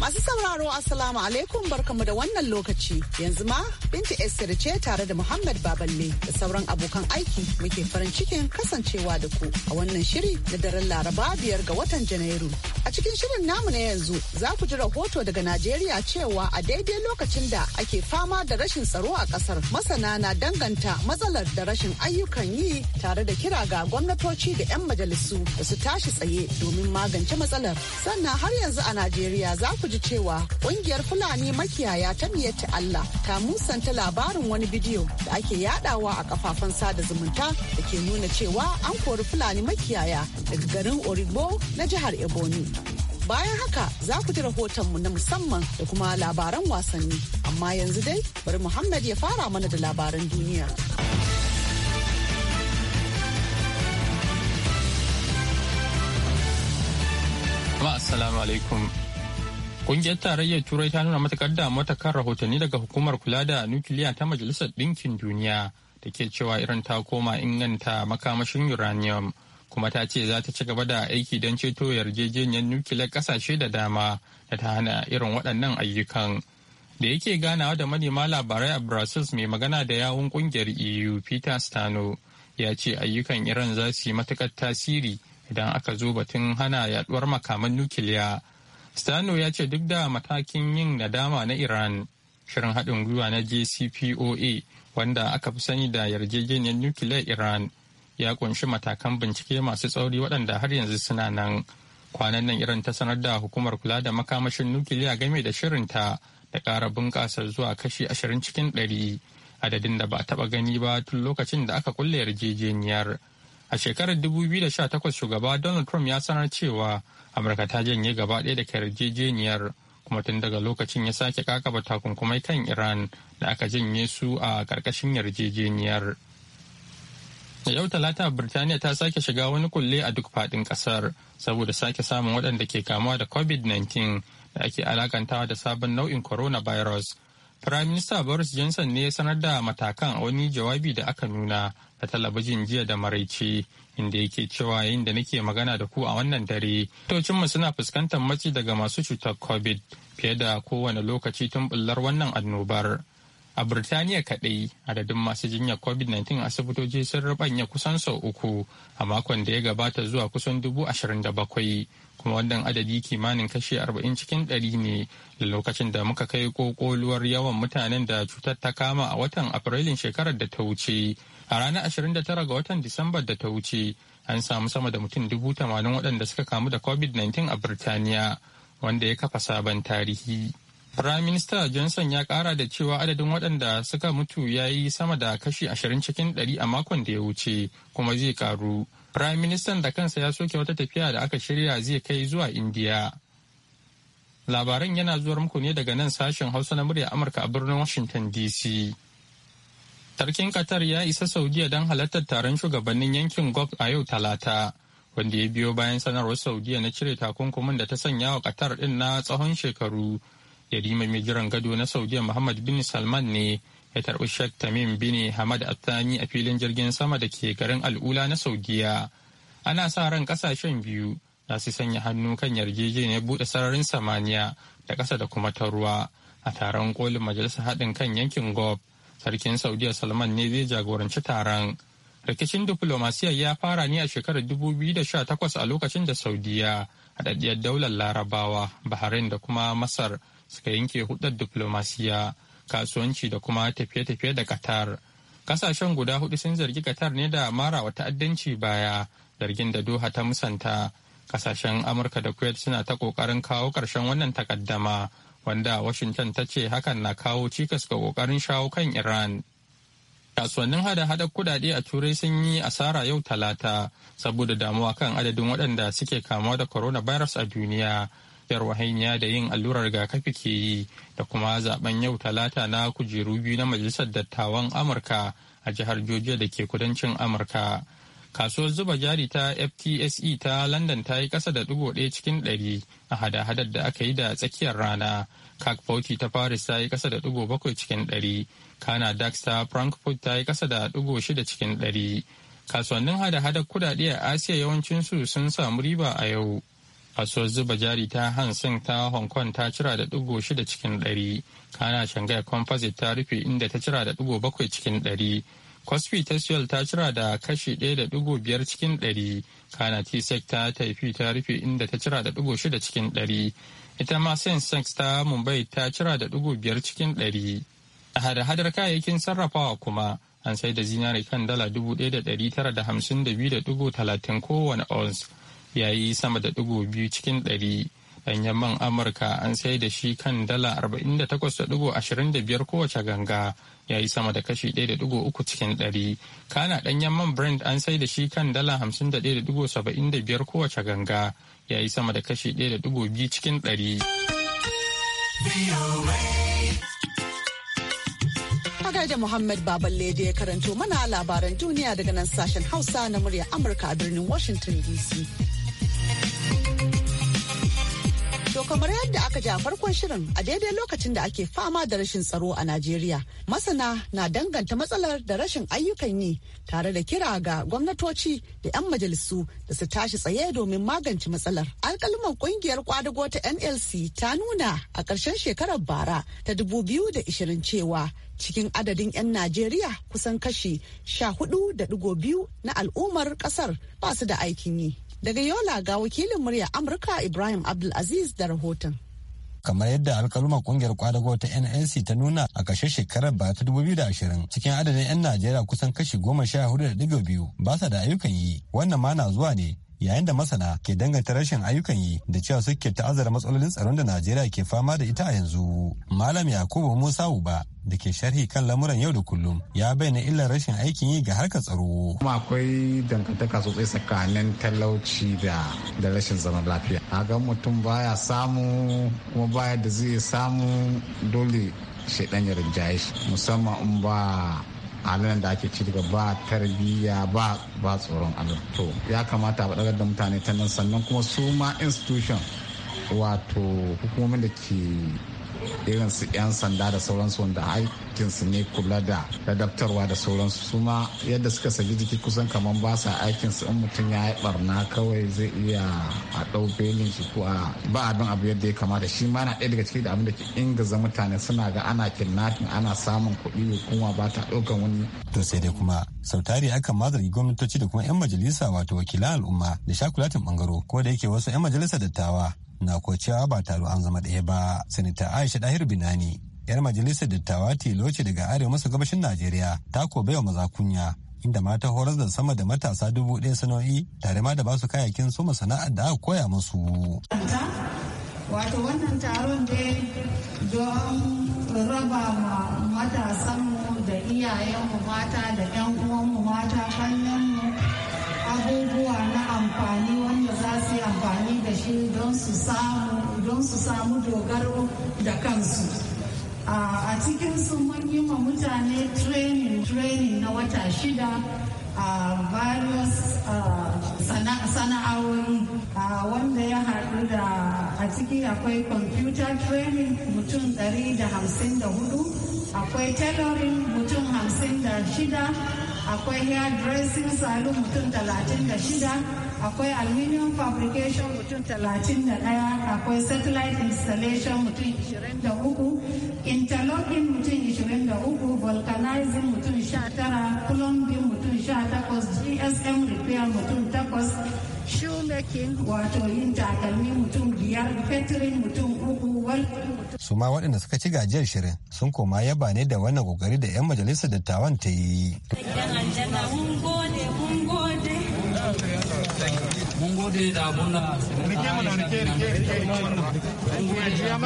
Masu sauraro Assalamu alaikum barkamu da wannan lokaci. Yanzu ma Binta Esther ce tare da Muhammad Baballe da sauran abokan aiki muke farin cikin kasancewa da ku a wannan shiri na daren Laraba biyar ga watan Janairu. A cikin shirin namu na yanzu za ku ji rahoto daga Najeriya cewa a daidai lokacin da ake fama da rashin tsaro a kasar masana na danganta matsalar da rashin ayyukan yi tare da kira ga gwamnatoci da 'yan majalisu da su tashi tsaye domin magance matsalar. Sannan har yanzu a Najeriya za ku ji cewa ƙungiyar Fulani makiyaya ta Miyetti Allah ta musanta labarin wani bidiyo da ake yadawa a kafafen sada zumunta da ke nuna cewa an kori Fulani makiyaya daga garin Origbo na jihar Ebonyi. Bayan haka za ku ji rahotonmu na musamman da kuma labaran wasanni, amma yanzu dai bari Muhammad ya fara mana da labaran duniya. Assalamu alaikum. Kungiyar tarayyar Turai ta nuna matakar da kan rahotanni daga hukumar kula da nukiliya ta Majalisar Ɗinkin Duniya da ke cewa Iran ta koma inganta makamashin uranium kuma ta ce za ta ci gaba da aiki don ceto yarjejeniyar nukiliyar ƙasashe da dama da ta hana irin waɗannan ayyukan. Da yake ganawa da manema labarai a Brussels mai magana da yawun kungiyar EU Peter Stano ya ce ayyukan Iran za su yi matukar tasiri idan aka zo batun hana yaduwar makaman nukiliya. Stano ya ce duk da matakin yin nadama na Iran, shirin haɗin gwiwa na JCPOA wanda aka fi sani da yarjejeniyar nukiliyar Iran ya kunshi matakan bincike masu tsauri waɗanda har yanzu suna nan. Kwanan nan Iran ta sanar da hukumar kula da makamashin nukiliya game da shirinta da ƙara bunƙasa zuwa kashi ashirin cikin ɗari adadin da ba a taɓa gani ba tun lokacin da aka kulle yarjejeniyar. A shekarar 2018 shugaba Donald Trump ya sanar cewa Amurka ta janye gaba ɗaya daga yarjejeniyar kuma tun daga lokacin ya sake kakaba takunkumai kan Iran da aka janye su a ƙarƙashin yarjejeniyar. Da yau talata Birtaniya ta sake shiga wani kulle a duk faɗin ƙasar saboda sake samun waɗanda ke kamuwa da COVID-19 da ake alakantawa da sabon nau'in coronavirus. Firaminista Boris Johnson ne ya sanar da matakan a wani jawabi da aka nuna a talabijin jiya da maraice inda yake cewa yayin da nake magana da ku a wannan dare tocinmu suna fuskantar maci daga masu cutar covid fiye da kowane lokaci tun bullar wannan annobar a birtaniya kaɗai adadin masu jinyar covid-19 asibitoci sun rubanya kusan sau uku a makon da ya gabata zuwa kusan dubu ashirin da bakwai kuma wannan adadi kimanin kashe arba'in cikin ɗari ne da lokacin da muka kai kokoluwar yawan mutanen da cutar ta kama a watan afrilun shekarar da ta wuce a ranar ashirin da tara ga watan disambar da ta wuce an samu sama da mutum dubu tamanin waɗanda suka kamu da covid-19 a birtaniya wanda ya kafa sabon tarihi Prime Minister Johnson ya kara da cewa adadin waɗanda suka mutu ya yi sama da kashi ashirin cikin ɗari a makon da ya wuce kuma zai karu. Prime Minister da kansa ya soke wata tafiya da aka shirya zai kai zuwa india. Labaran yana zuwar muku ne daga nan sashen Hausa na murya Amurka a birnin Washington DC. Sarkin Qatar ya isa Saudiya don halartar taron shugabannin yankin Gulf a yau Talata. wanda ya biyo bayan sanarwar saudiya na cire takunkumin da ta sanya wa qatar din na tsawon shekaru yarima mai jiran gado na saudiya muhammad bin salman ne ya tarbi shek tamim bin hamad athani a filin jirgin sama da ke garin al'ula na saudiya ana sa ran kasashen biyu za su sanya hannu kan yarjejeniyar bude sararin samaniya da ƙasa da kuma ta ruwa a taron kolin majalisar haɗin kan yankin gob sarkin saudiya salman ne zai jagoranci taron rikicin diflomasiyya ya fara ne a shekarar dubu biyu da sha takwas a lokacin da saudiya haɗaɗɗiyar daular larabawa bahrain da kuma masar suka yanke hudar diplomasiya kasuwanci da kuma tafiye-tafiye da qatar kasashen guda hudu sun zargi qatar ne da mara wa ta'addanci baya zargin da doha ta musanta kasashen amurka da kuwait suna ta kokarin kawo karshen wannan takaddama wanda washington ta ce hakan na kawo cikas ga kokarin shawo kan iran kasuwannin hada-hada kudade a turai sun yi asara yau talata saboda damuwa kan adadin waɗanda suke kamuwa da coronavirus a duniya lafiyar wahainiya da yin allurar rigakafi ke yi da kuma zaben yau talata na kujeru biyu na majalisar dattawan amurka a jihar georgia da ke kudancin amurka kasuwar zuba jari ta ftse ta london ta yi kasa da dubu ɗaya cikin ɗari a hada-hadar da aka yi da tsakiyar rana CAC ta paris ta yi kasa da dubu bakwai cikin ɗari kana dax ta frankfurt ta yi kasa da dubu shida cikin ɗari kasuwannin hada-hadar kudade a asiya yawancinsu sun samu riba a yau kasuwar zuba jari ta hansin ta hong kong ta cira da digo shida cikin ɗari kana shanghai composite ta rufe inda ta cira da digo bakwai cikin ɗari kospi ta seoul ta cira da kashi ɗaya da digo biyar cikin ɗari kana tsec ta taifi ta rufe inda ta cira da digo shida cikin ɗari ita ma sensex ta mumbai ta cira da digo biyar cikin ɗari a hada-hadar kayayyakin sarrafawa kuma an sai da zinare kan dala dubu ɗaya da ɗari tara da hamsin da biyu da digo talatin kowane ounce ya yi sama da digo biyu cikin ɗari ɗan man amurka an sai da shi kan dala 48.25 kowace ganga ya yi sama da kashi 1.3 cikin ɗari kana ɗan yamman brand an sai da shi kan dala 51.75 kowace ganga ya yi sama da kashi 1.2 cikin ɗari da Muhammad Baballe da ya karanto mana labaran duniya daga nan sashen Hausa na murya Amurka a birnin Washington DC. Kamar yadda aka ji a farkon shirin a daidai lokacin da ake fama da rashin tsaro a Najeriya, masana na danganta matsalar da rashin ayyukan yi tare da kira ga gwamnatoci da 'yan majalisu da su tashi tsaye domin magance matsalar. Alkalman kungiyar kwadago ta NLC ta nuna a ƙarshen shekarar bara ta 2020 cewa cikin adadin 'yan Najeriya kusan kashi 14.2 na al'ummar ƙasar ba su da aikin yi. Daga Yola ga wakilin murya Amurka Ibrahim Abdulaziz da rahoton. kamar yadda alkaluma kungiyar kwadago ta NNC ta nuna a kashe shekarar ba ta ashirin cikin adadin 'yan najeriya kusan kashi goma sha hudu da biyu ba sa da ayyukan yi wannan ma na zuwa ne yayin da masana ke danganta rashin ayyukan yi da cewa suke ta'azzara matsalolin tsaron da Najeriya ke fama da ita a yanzu. Malam Yakubu Musa Uba da ke sharhi kan lamuran yau da kullum ya bayyana illar rashin aikin yi ga harkar tsaro. Kuma akwai dangantaka sosai tsakanin talauci da da rashin zaman lafiya. A ga mutum baya samu kuma baya da zai samu dole shaidan ya rinjaye shi musamman in ba halayen da ake ci daga ba tarbiyya ba ba tsoron allah to ya kamata a da mutane ta nan sannan kuma su ma institution wato hukumomin da ke irin su 'yan sanda da sauransu wanda aikinsu ne kula da ladabtarwa da sauransu su ma yadda suka saki jiki kusan kamar ba sa aikinsu in mutum ya yi barna kawai zai iya a ɗau belin shi ko a ba abin abu yadda ya kamata shi ma na ɗaya daga cikin da abin da ke ingaza mutane suna ga ana kidnapping ana samun kuɗi kuma ba ta ɗaukan wani. to sai dai kuma sautari akan ma zargi gwamnatoci da kuma 'yan majalisa wato wakilan al'umma da shakulatin bangaro ko da yake wasu 'yan majalisa dattawa na ko cewa ba taro an zama ɗaya ba sanita aisha dahir binani yar majalisar dattawa tilo daga arewa maso gabashin najeriya ta ko baiwa maza kunya inda mata horar da sama da matasa dubu ɗaya sana'o'i tare ma da ba su kayayyakin su sana'ar da aka koya musu. wato wannan taron dai don raba ma matasanmu da iyayenmu mata da 'yan uwanmu mata mu abubuwa na amfani wani amfani da shi don su samu don dogaro da kansu a cikin su mun yi ma mutane training training na wata shida a various sana'a'o'i wanda ya haɗu da a ciki akwai computer training mutum 154 akwai tailoring mutum 56 akwai hairdressing salon mutum 36 akwai aluminium fabrication mutum 31 akwai satellite installation mutum 23 interlocking mutum 23 vulcanizing mutum 19 plumbing mutum 18 gsm repair mutum 8 wato yin takalmi mutum biyar mutum su ma waɗanda suka ci gajiyar shirin sun koma yaba ne da wannan kokari da 'yan majalisar dattawan ta yi. aljanna mun gode da abunda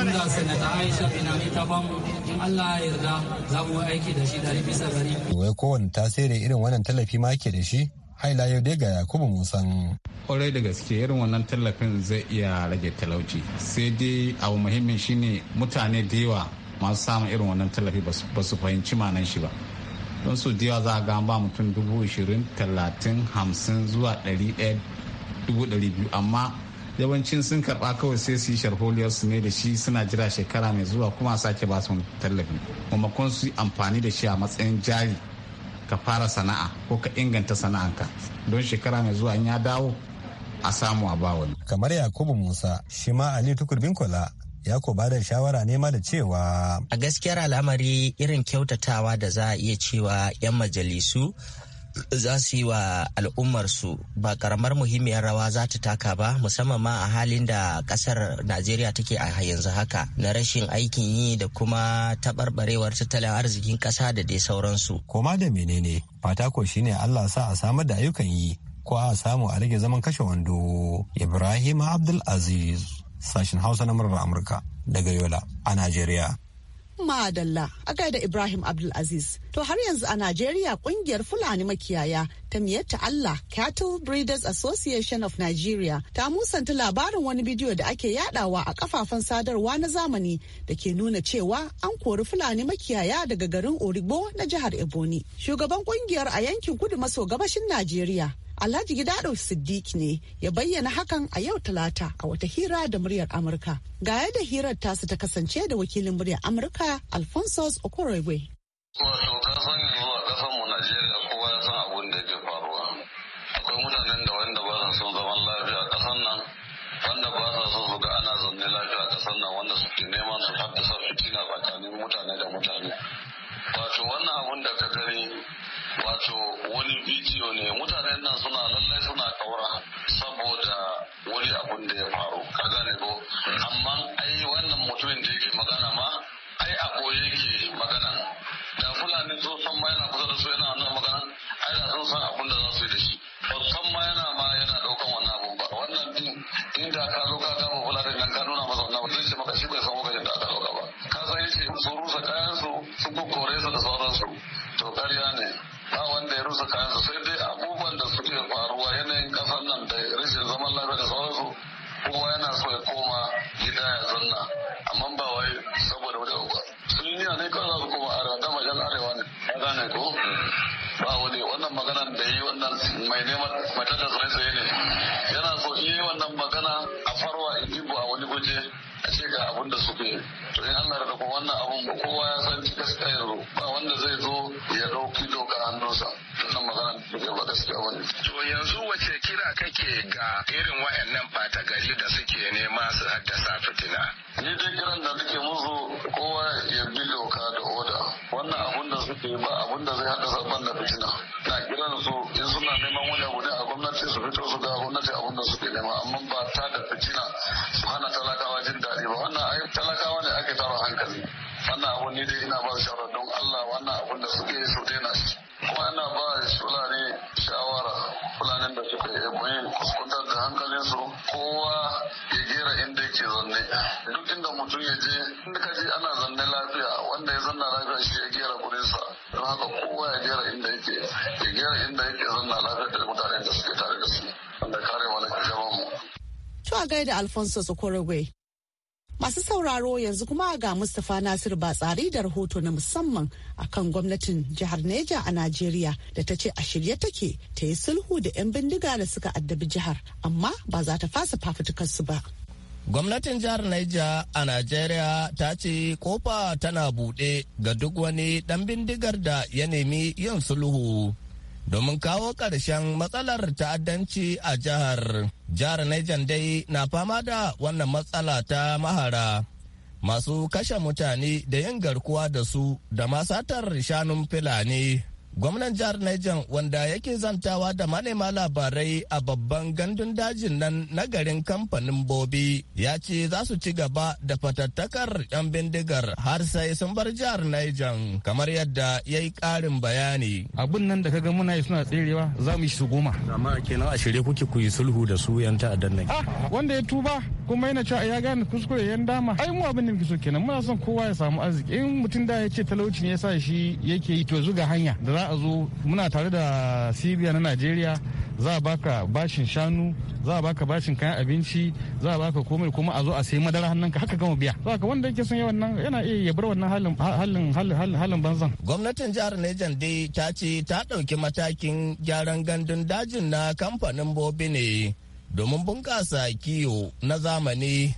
da sanata aisha binani ta bamu in allah ya yarda za mu aiki da shi dari bisa dari wai kowane tasiri irin wannan tallafi ma ke da shi haila yau dai ga yakubu musan kwarai da gaske irin wannan tallafin zai iya rage talauci sai dai abu muhimmin shine mutane da yawa masu samun irin wannan tallafi ba su fahimci manan shi ba don su diya za a ga ba mutum dubu ishirin zuwa ɗari ɗaya dubu amma yawancin sun karɓa kawai sai su yi sharholiyar su ne da shi suna jira shekara mai zuwa kuma sake ba su tallafi mamakon su amfani da shi a matsayin jari ka fara sana'a ko ka inganta sana'anka don shekara mai zuwa in ya dawo a samu a bawani. kamar yakubu musa shi ma ali tukurbin kola. ya ko ba da shawara ne da cewa a gaskiyar al'amari irin kyautatawa da za a iya cewa 'yan majalisu za su yi wa al'ummarsu ba karamar muhimmiyar rawa za ta taka ba musamman ma a halin da kasar najeriya take a yanzu haka na rashin aikin yi da kuma taɓarɓarewar tattalin arzikin ƙasa da dai sauransu koma da menene fata ko shine allah sa a samar da ayyukan yi ko a samu a rage zaman kashe wando ibrahim Abdulaziz. sashen Hausa na murar Amurka daga Yola a Najeriya. Madalla a gaida Ibrahim Abdulaziz. To har yanzu a Najeriya kungiyar Fulani makiyaya ta miyatta Allah Cattle Breeders Association of Nigeria ta musanta labarin wani bidiyo da ake yadawa a kafafen sadarwa na zamani da ke nuna cewa an kori Fulani makiyaya daga garin Origbo na jihar Ebonyi. Shugaban kungiyar a yankin kudu maso gabashin Najeriya Alhaji Gidado Siddiq ne ya bayyana hakan a yau Talata a wata hira da muryar Amurka. Ga yadda hirar tasu ta kasance da wakilin muryar Amurka Alphonsus Okorogwe. Wato kasan zuwa kasanmu Najeriya kowa ya san abun da ke faruwa. Akwai mutanen da wanda ba sa son zaman lafiya a kasan nan, wanda ba sa so su ga ana zaune lafiya a kasan nan wanda suke neman su haddasa fitina tsakanin mutane da mutane. Wato wannan abun da ka gani wato wani bidiyo ne mutanen nan suna lallai rashin zaman lafiya da sauransu kuma yana so ake ga irin wayannan waɗannan gari da suke nema su haddasa fitina. Ni dai kiran da nake musu kowa ya bi doka da oda. Wannan abun da suke ba abun da zai haddasa ban da fitina. Na kiran su in suna neman wani abu ne a gwamnati su fito su ga gwamnati abun da suke nema amma ba ta da fitina su hana talakawa jin daɗi ba. Wannan ai talakawa ne ake tara hankali. Wannan abu ni dai ina ba shi da Alfonso Sokorogwe. Masu sauraro yanzu kuma ga Mustapha Nasir Batsari da rahoto na musamman a kan gwamnatin jihar Neja a Najeriya da ta ce a shirye take ta yi sulhu da 'yan bindiga da suka addabi jihar amma ba za ta fasa fafutukarsu ba. Gwamnatin jihar Neja a Najeriya ta ce kofa tana buɗe ga duk wani ɗan bindigar da ya nemi yin sulhu. domin kawo ƙarshen matsalar ta'addanci a jihar. Jihar Niger dai na fama da wannan matsala ta mahara. Masu kashe mutane da yin garkuwa da su da masatar shanun Fulani. gwamnan jihar Niger wanda yake zantawa da manema labarai a babban gandun dajin nan na garin kamfanin bobi ya ce za su ci gaba da fatattakar 'yan bindigar har sai sun bar jihar Niger kamar yadda ya yi karin bayani abun nan da kaga muna yi suna tserewa za mu yi su goma amma kenan a shirye kuke ku yi sulhu da su yan ta'addan nan ah, wanda ya tuba kuma yana cewa ya gane kuskure yan dama ai mu abin da muke so kenan muna son kowa ya samu arziki in mutum da ya ce talauci ne yasa shi yake yi to zuga hanya da za a zo muna tare da cibiya na najeriya za a baka bashin shanu za a baka bashin kayan abinci za a baka komai kuma a zo a sayi madara hannunka haka gama biya za ka wanda yake son yawan nan yana iya ya bar wannan halin halin halin banzan gwamnatin jihar Niger dai ta ce ta dauki matakin gyaran gandun dajin na kamfanin bobi ne domin bunƙasa kiyo na zamani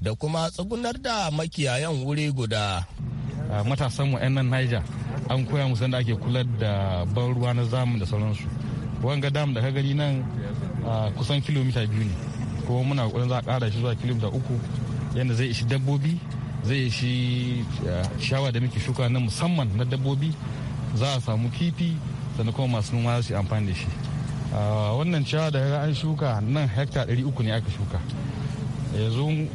da kuma tsugunar da makiyayan wuri guda matasanmu 'yan nan Niger an koya musu da ake kula da ban ruwa na zamu da sauransu wanga dam da ka gani nan kusan kilomita biyu ne kuma muna kokarin za a kara shi zuwa kilomita uku yadda zai ishi dabbobi zai ishi shawa da muke shuka na musamman na dabbobi za a samu kifi sannan kuma masu noma za su amfani da shi wannan ciyawa da an shuka nan hekta ɗari uku ne aka shuka yanzu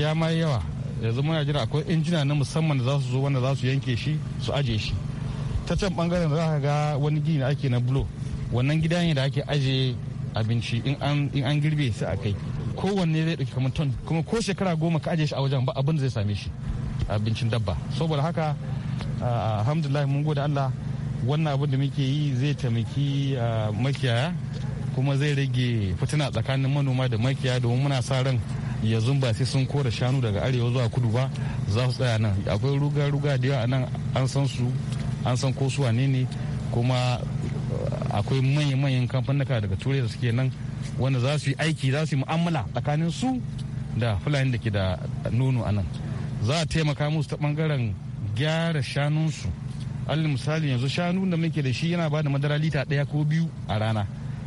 ya ma yawa yanzu muna jira akwai injina na musamman da za su zo wanda za su yanke shi su aje shi ta can bangaren za ka ga wani gini ake na bulo wannan gida ne da ake aje abinci in an girbe su a kai kowanne zai ɗauki kamar ton kuma ko shekara goma ka aje shi a wajen ba abin zai same shi abincin dabba saboda haka alhamdulillah mun gode Allah wannan abin da muke yi zai taimaki makiyaya kuma zai rage fitina tsakanin manoma da makiyaya domin muna sa ran yanzu ba sai sun kora shanu daga arewa zuwa kudu ba za su tsaya nan akwai ruga-ruga da yawa nan an san su an san ko su wane ne kuma uh, akwai manya-manyan kamfanuka daga turai da suke nan wanda za su yi aiki za su yi mu'amala tsakanin su da fulani da ke da nono a nan za a taimaka musu ta bangaren gyara shanunsu alli misali yanzu shanu da muke da shi yana ba da madara lita ɗaya ko biyu a rana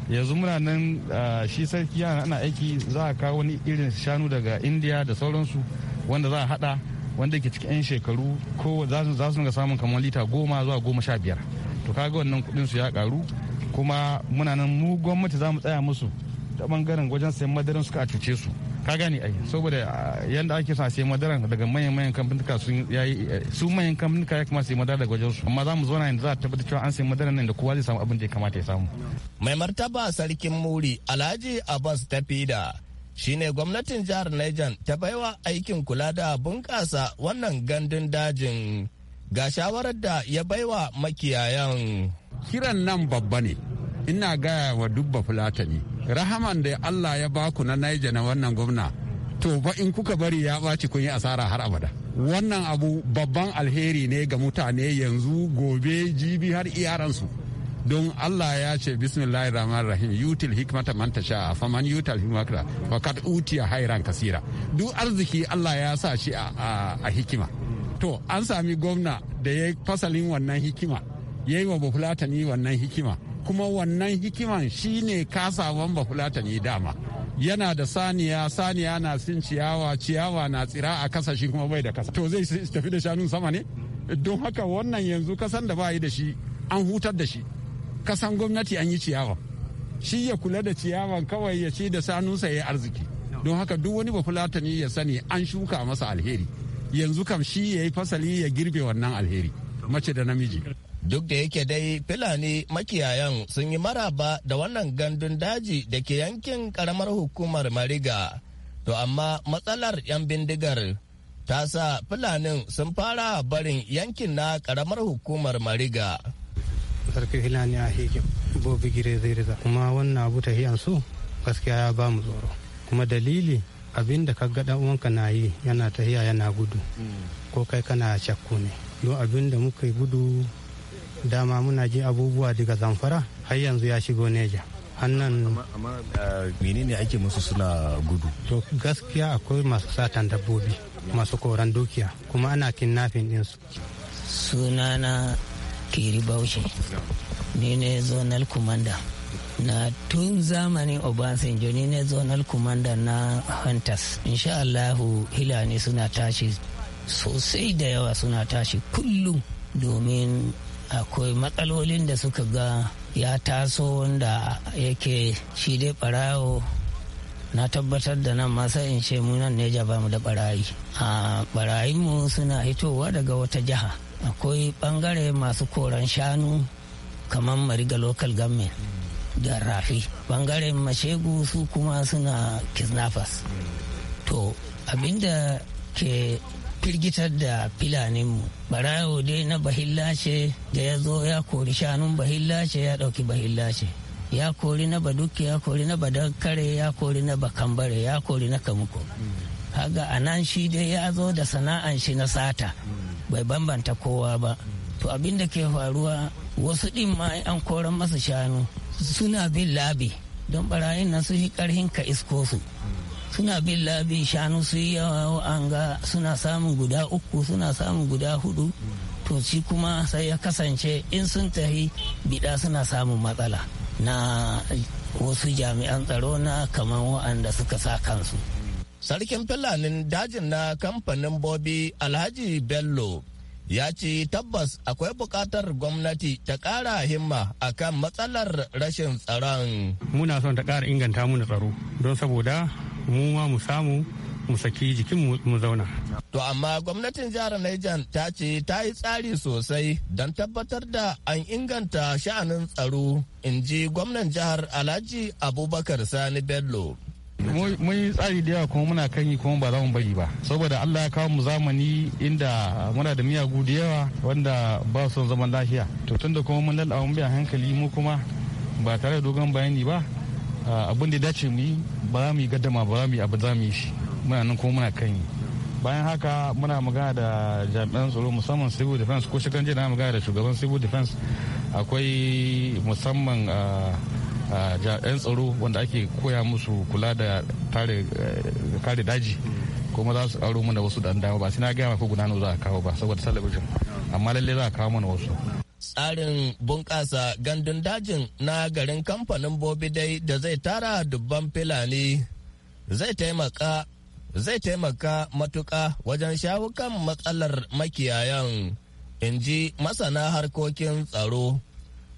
yanzu muna nan uh, shi sarki yana ana aiki za a kawo wani irin shanu daga indiya da sauransu wanda za a hada wanda ke cikin 'yan shekaru ko za su samun kamar lita goma zuwa goma sha biyar to kaga wannan kudin su ya karu kuma muna nan mu gwamnati za mu tsaya musu ta bangaren wajen sayan madaran suka a cuce su ka gani ai saboda yanda ake sa sayan madaran daga manyan manyan kamfanika sun yayi eh, su manyan kamfanika ya kamata sai madara daga wajen su amma za mu zauna yanzu za a tabbatar cewa an sai madaran nan da kowa zai samu abin da ya kamata ya samu mai martaba sarkin muri alhaji abbas tafida shine gwamnatin jihar Niger ta baiwa aikin kula da bunƙasa wannan gandun dajin ga shawarar da ya baiwa makiyayan. Kiran nan babba ne, ina gaya wa dubba fulatani, rahaman da Allah ya baku na Niger na wannan gwamna, to ba in kuka bari ya ɓaci kun yi asara har abada. Wannan abu babban alheri ne ga mutane yanzu gobe jibi har iyaransu. don Allah ya ce bismillahir rahmanir rahim yutil hikmata man tasha faman yutil hikmata fakat utiya hairan kasira duk arziki Allah ya sa shi a hikima to an sami gwamna da ya fasalin wannan hikima ya yi wa bafulatani wannan hikima kuma wannan hikiman shine kasawan bafulatani dama yana da saniya saniya na sin ciyawa ciyawa na tsira a kasa shi kuma bai da kasa to zai tafi da shanun sama ne don haka wannan yanzu kasan da ba yi da shi an hutar da shi kasan gwamnati an yi ciyawa shi ya kula da ciyawan kawai ya ce da sanunsa ya arziki don haka duk wani bafulatani ya sani an shuka masa alheri yanzu kam shi ya yi fasali ya girbe wannan alheri mace da namiji duk da yake dai fulani makiyayan sun yi maraba da wannan gandun daji da ke yankin karamar hukumar mariga to amma matsalar 'yan bindigar ta sa fulanin sun fara barin yankin na karamar hukumar mariga sarki ne a bo bobi gire zirza kuma wannan abu hiyan su gaskiya ya ba mu tsoro kuma dalili abin da ka ga uwanka na yi yana tahiya yana gudu ko kai kana shakku ne don abin da muka gudu dama muna ji abubuwa daga zamfara har yanzu ya shigo neja hannan amma eh, menene ake musu suna gudu to gaskiya akwai masu satan dabbobi masu koran dukiya kuma ana kinnafin ɗinsu sunana kiri bauchi ni ne zonal commander na tun zamanin obasanjo ni ne zonal commander na hunters insha allahu hilani suna tashi sosai da yawa suna tashi kullum domin akwai matsalolin da suka ga ya taso wanda yake shi dai barawo na tabbatar da nan masa in ce munan ne ba mu da barayi a ah, barayinmu suna hitowa daga wata jiha akwai bangare masu koran shanu kamar mariga local government da rafi bangaren mashegu su kuma suna kisnafas. to abinda ke firgitar da filaninmu barayo dai na bahillace da ya zo ya kori shanun bahillace ya ɗauki bahillace. ya kori na baduki ya kori na badankare ya kori na bakambare ya kori na kamuko haga anan shi dai ya zo da sana'an shi na sata bai bambanta kowa ba to abin da ke faruwa wasu ɗin ma an koran masa shanu suna bin labi don barayin nan su fi ƙarhin ka isko su suna bin labi shanu su yi yawa an ga suna samun guda uku suna samun guda hudu to shi kuma sai ya kasance in sun tafi biɗa suna samun matsala na wasu jami'an tsaro na kamar wa'anda suka sa kansu sarkin filanin dajin na kamfanin bobi alhaji bello ya ce tabbas akwai buƙatar gwamnati ta ƙara himma a kan matsalar rashin tsaron muna son ta ƙara inganta mu tsaro don saboda mu ma mu samu mu saki jikin mu zauna. To amma gwamnatin jihar Niger ta ce ta yi tsari sosai don tabbatar da an inganta sha'anin tsaro in ji gwamnan jihar Alhaji Abubakar Sani Bello. mun yi tsari da yawa kuma muna kan yi kuma ba za mu bari ba saboda allah ya kawo mu zamani inda muna da miyagu da yawa wanda ba son zaman lafiya to tunda kuma mun lalla mun biya hankali mu kuma ba tare da dogon bayani ba ah, abin da dace mu yi ba za mu yi gaddama ba za mu yi abu za mu yi shi muna nan kuma muna kan yi bayan haka muna magana da jami'an tsaro musamman civil defense ko shi kan na magana da shugaban civil defense akwai musamman ah, 'yan tsaro wanda ake koya musu kula da eh, kare daji kuma za su karo mana wasu da dawo ba sai na gaya ko guna za a kawo ba saboda talabijin amma lalle za a kawo mana wasu tsarin bunƙasa gandun dajin na garin kamfanin bobi dai da zai tara dubban filani zai taimaka zai taimaka matuƙa wajen shawukan matsalar makiyayan in ji masana harkokin tsaro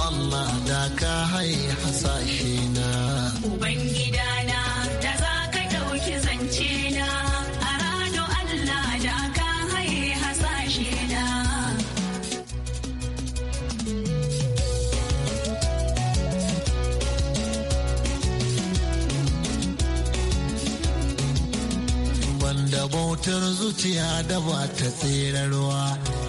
Allah da ka hai hasashe na. Ubangida da za ka ɗauki zance na, a Allah da ka hai hasashe na. Banda bautar zuciya da ba ta tsirarwa.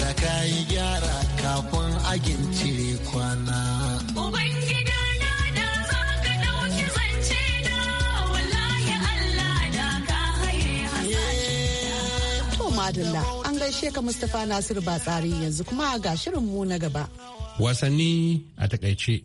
da ka yi gyara kafin agin cire kwana. madalla an gaishe ka Mustapha Nasiru Batsari yanzu kuma ga shirinmu na gaba. Wasanni a takaice.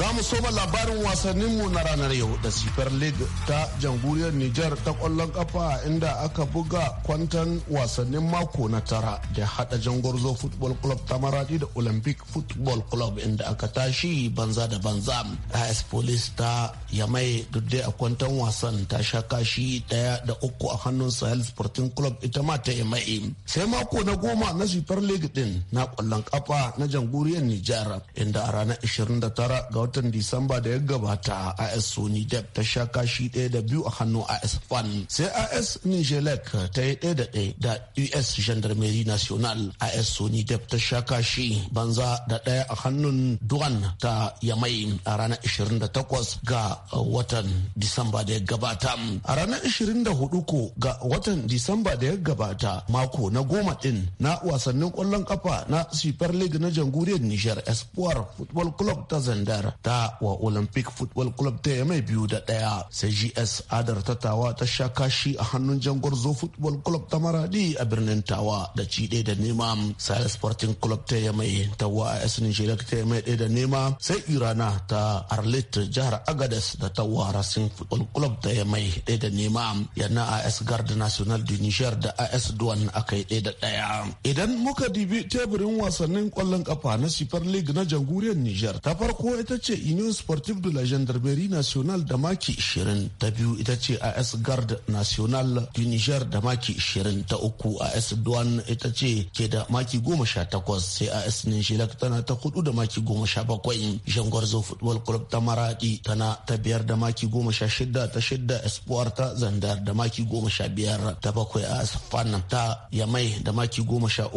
Za mu soma labarin wasanninmu na ranar yau da Super League ta jamhuriyar niger ta kwallon kafa inda aka buga kwantan wasannin mako na tara da hada jangorzo Football Club ta maradi da Olympic Football Club inda aka tashi banza da banza. AS Police ta yamai dai a kwantan wasan ta sha kashi daya da uku a hannun Sahel Sporting Club ita ma ta yamai. Sai mako na goma na Super League din na kwallon kafa na jamhuriyar niger inda a ranar 29 ga watan disamba da ya gabata as sony dep ta sha kashi ɗaya da biyu a hannun as fan sai as nigelec ta yi ɗaya da ɗaya da us gendarmerie national as sony dep ta sha kashi banza da ɗaya a hannun duwan ta yamai a ranar 28 ga watan disamba da ya gabata a ranar 24 ko ga watan disamba da ya gabata mako na goma ɗin na wasannin ƙwallon ƙafa na super league na jamhuriyar niger espoir football club ta zandar ta wa olympic football club ta ya mai biyu da ɗaya sai gs adar tattawa ta sha kashi a hannun jangwarzo football club ta maradi a birnin tawa da ci ɗaya da nema sai sporting club ta ya mai tawa a as nigeria ta ya mai ɗaya da nema sai irana ta arlit jihar agades da ta racing football club ta ya mai ɗaya da nema yana s garda national du niger da as duwan aka yi ɗaya da ɗaya idan muka dibi teburin wasannin kwallon kafa na super league na jamhuriyar niger ta farko ita ce union sportive de la gendarmerie nationale da maki 20 ta biyu ita ce as guard national du niger da maki 20 ta uku as douane ita ce ke da maki 18 sai as ninjilak tana ta hudu da maki 17 jangwarzo football club ta maradi tana ta biyar da maki 16 ta shidda espoir ta zandar da maki 15 ta bakwai as fan ta yamai da maki 13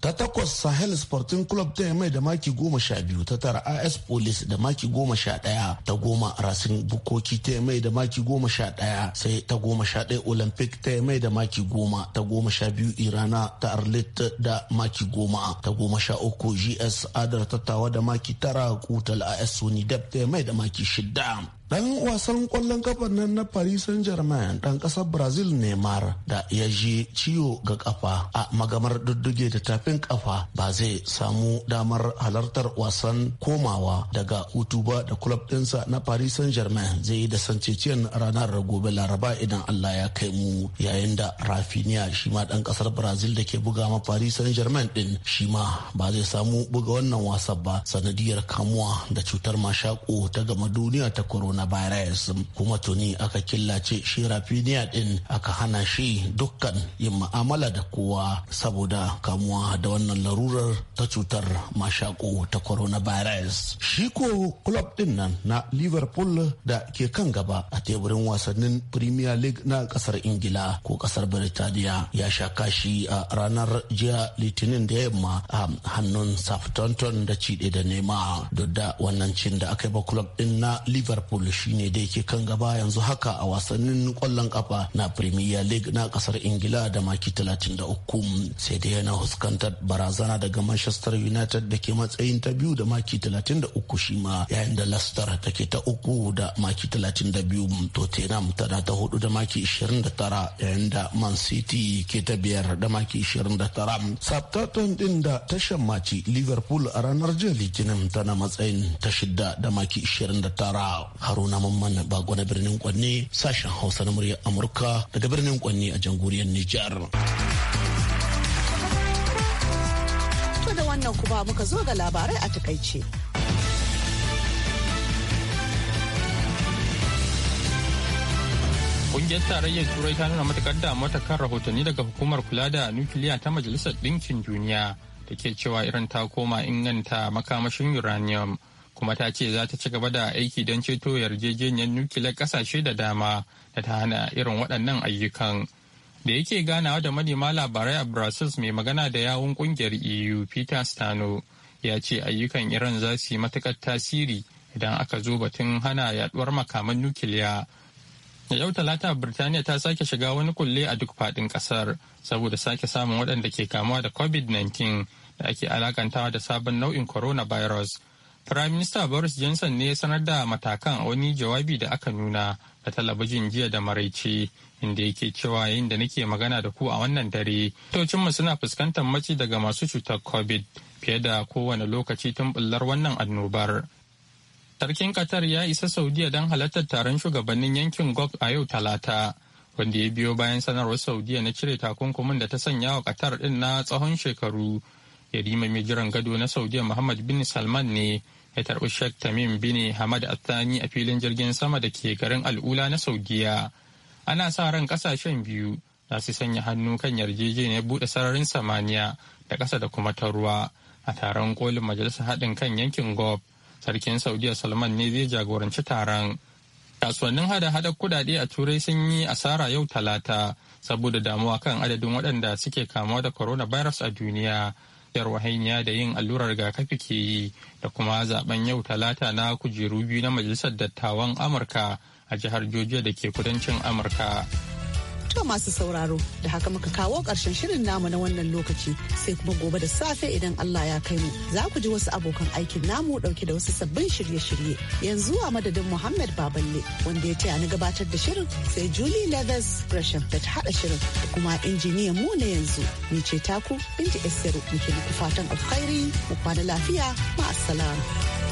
ta takwas sahel sporting club ta yamai da maki 12 ta tara as police da maki maki goma sha ɗaya ta goma rasin bukoki ta mai da maki goma sha ɗaya sai ta goma sha ɗaya olympic ta mai da maki goma ta goma sha biyu irana ta arlit da maki goma ta goma sha uku gs adar tattawa da maki tara kutal as dab ta mai da maki shidda. Dan wasan kwallon kafar nan na Paris Saint-Germain dan kasar Brazil Neymar da ya je ciwo ga kafa a magamar duddige da tafin kafa ba zai samu damar halartar wasan komawa daga hutu ba da club ɗinsa na Paris Saint-Germain zai yi da sanceciyar ranar gobe Laraba idan Allah ya kai mu yayin da Rafinha shi ma dan kasar Brazil da ke buga ma Paris Saint-Germain din shi ma ba zai samu buga wannan wasan ba sanadiyar kamuwa da cutar mashako ta gama duniya ta corona coronavirus kuma tuni aka killace shi rafiniya din aka hana shi dukkan yin ma'amala da kowa saboda kamuwa da wannan larurar ta cutar mashako ta coronavirus shi ko club din nan na liverpool da ke kan gaba a teburin wasannin premier league na kasar ingila ko kasar birtaniya ya sha kashi a ranar jiya litinin da yamma a hannun southampton da ciɗe da nema duk da wannan cin da aka yi ba club din na liverpool shi shine da yake kan gaba yanzu haka a wasannin kwallon kafa na Premier League na kasar Ingila da maki 33 sai dai yana huskantar barazana daga Manchester United da ke matsayin ta biyu da maki 33 shi ma yayin da Leicester take ta uku da maki 32 Tottenham tana ta hudu da maki 29 yayin da Man City ke ta biyar da maki 29 Southampton din da tashan maci Liverpool a ranar jiya Litinin tana matsayin ta shida da maki 29 har haruna mamman bago na birnin kwanne sashen hausa na muryar amurka daga birnin kwanne a jamhuriyar nijar to da wannan kuma muka zo ga labarai a takaice Kungiyar tarayyar Turai ta nuna matakar damuwa ta kan rahotanni daga hukumar kula da nukiliya ta Majalisar Ɗinkin Duniya da ke cewa irin ta koma inganta makamashin uranium kuma ta ce za ta ci gaba da aiki don ceto yarjejeniyar nukiliyar kasashe da dama da ta hana irin waɗannan ayyukan da yake ganawa da manema labarai a brussels mai magana da yawun kungiyar eu peter stano ya ce ayyukan iran za su yi matukar tasiri idan aka zo batun hana yaduwar makaman nukiliya da yau talata birtaniya ta sake shiga wani kulle a duk faɗin ƙasar saboda sake samun waɗanda ke kamuwa da covid-19 da ake alakantawa da sabon nau'in coronavirus Firaminista Boris Johnson ne ya sanar da matakan a wani jawabi da aka nuna da talabijin jiya da maraice inda yake cewa yayin da nake magana da ku a wannan dare. Tocinmu suna fuskantar maci daga masu cutar COVID fiye da kowane lokaci tun bullar wannan annobar. Sarkin Qatar ya isa Saudiya don halartar taron shugabannin yankin gok a yau Talata, wanda ya biyo bayan sanarwar Saudiya na cire takunkumin da ta sanya wa Qatar din na tsawon shekaru. Yarima mai jiran gado na Saudiya Muhammad bin Salman ne ya tarbi Sheikh Tamim bin Hamad Athani a filin jirgin sama da ke garin Al'ula na Saudiya. Ana sa ran kasashen biyu za su sanya hannu kan yarjejeniyar bude sararin samaniya da ƙasa da kuma ta ruwa a taron kolin majalisar haɗin kan yankin Gulf. Sarkin Saudiya Salman ne zai jagoranci taron. Kasuwannin hada-hada kudade a Turai sun yi asara yau talata saboda damuwa kan adadin waɗanda suke kamuwa da coronavirus a duniya wahainiya da yin allurar rigakafi ke yi da kuma zaben yau talata na kujeru biyu na majalisar dattawan amurka a jihar georgia da ke kudancin amurka To masu sauraro da haka muka kawo ƙarshen shirin namu na wannan lokaci sai kuma gobe da safe idan Allah ya kai mu za ku ji wasu abokan aikin namu ɗauke da wasu sabbin shirye-shirye. Yanzu a madadin Muhammad Baballe wanda ya taya ni gabatar da shirin sai Julie Leathers Gresham da ta haɗa shirin da kuma injiniyan mu na yanzu ni ce taku Binta Esther muke muku fatan alkhairi mu kwana lafiya assalamu.